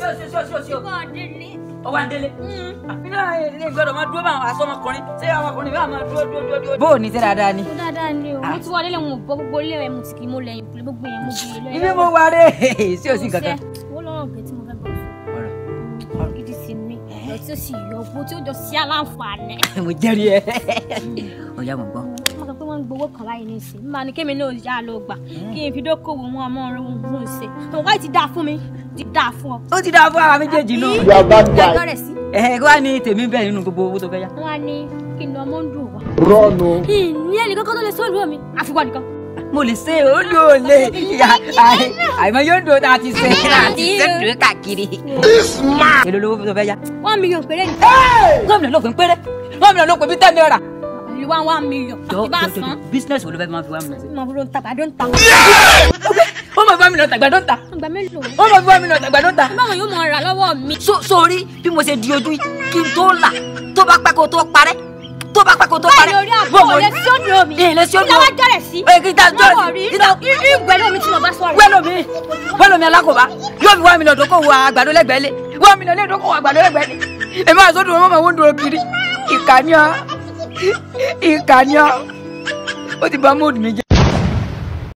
ṣé o ṣe ṣé o ṣé o ṣé o. ìgbà délé. ọwọ́ délé. Mm. Ah, iná ilé ìgbọ́dọ̀ máa dúró bá àwọn aṣọ ọmọkùnrin ṣé àwọn ọkùnrin bá máa dúró dúró dúró. bó o ní ṣe dáadáa ni. dáadáa ni o ah. mo ti wọlé lẹ́wọ̀n bọ́ gbogbo ilé rẹ̀ mo ti kì í mo lẹ́yìn gbogbo yẹn mo gbogbo ilé rẹ̀. ibi mo wá rè é ṣé o sì kankan. wọ́n lọ́rọ̀ gẹ̀ tí mo fẹ́ bọ̀ fún ọ gidi sí mi lọ tí ó sì yọ owó tí ó jọ sí aláǹfààní. mo jẹ́rìí ẹ ọ̀yá mm. mo gbọ́ ń gbowó kan láyé ní ìsìn máa ní kémi náà yá ló gbà mm. kí n fi dókòwò wọn ọmọ ọrùn òun ṣe tòun wáyé ti dáa fún mi ti dáa fún ọ. ó ti dáa fún àwa méjèèjì náà. àbí ìdájọ́ rẹ̀ sí. ẹ kí wàá ní tèmi bẹ́ẹ̀ nínú gbogbo owó tó fẹ́ yá. wọ́n á ní kí ni ọmọ ń dùn wá. rọ́ọ̀nù. ìní ẹnì kankan tó lè sọ ìlú lè ṣe lè àìmọ yóò dùn tá a ti ṣe dùn káàkiri. èlò lówó tó fẹ́ yá. one million péré ni. gómìnà ló pín péré gómìnà ló pín bí ten naira one one million. jọ jọ jọ business wo ló fẹ́ máa fi one million. mo ló ń ta àdó ń ta million tàgbàdo ń ta. àgbà mélòó. one point four million tàgbàdo ń ta. báwọn yóò mọ ra lọ́wọ́ mi. sórí bí mo ṣe di ojú kí n tó là tó bá pẹ́ kó tó parẹ́ tó bá pẹ́ kó tó parẹ́. báyìí lórí àbúrò lè sí òdò mi. èyí lè sí sí. èyí lómi tí mo bá sọ̀rọ̀. wẹ́lómi wẹ́lómi alákòbá yóò fi one million dókòwò àgbàdo lẹ́gbẹ̀ẹ́ lé one million àgbàdo lẹ́gbẹ̀ẹ́ lé. èmi àzọ́dún ọmọ màá wọ́n dúró kiri ìkànnì